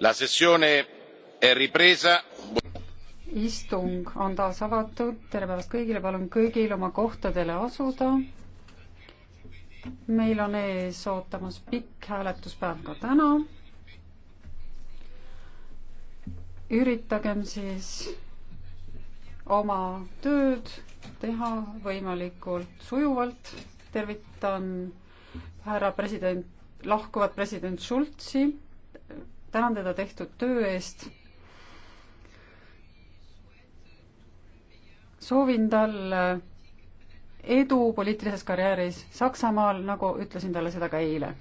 la sessione è ripresa istung on taas avatud tere päevast kõigile palun kõigil oma kohtadele asuda meil on ees ootamas pikk hääletuspäev ka täna üritagem siis oma tööd teha võimalikult sujuvalt tervitan härra president lahkuvat president Schulzi tänan teda tehtud töö eest. soovin talle äh, edu poliitilises karjääris Saksamaal, nagu ütlesin talle seda ka eile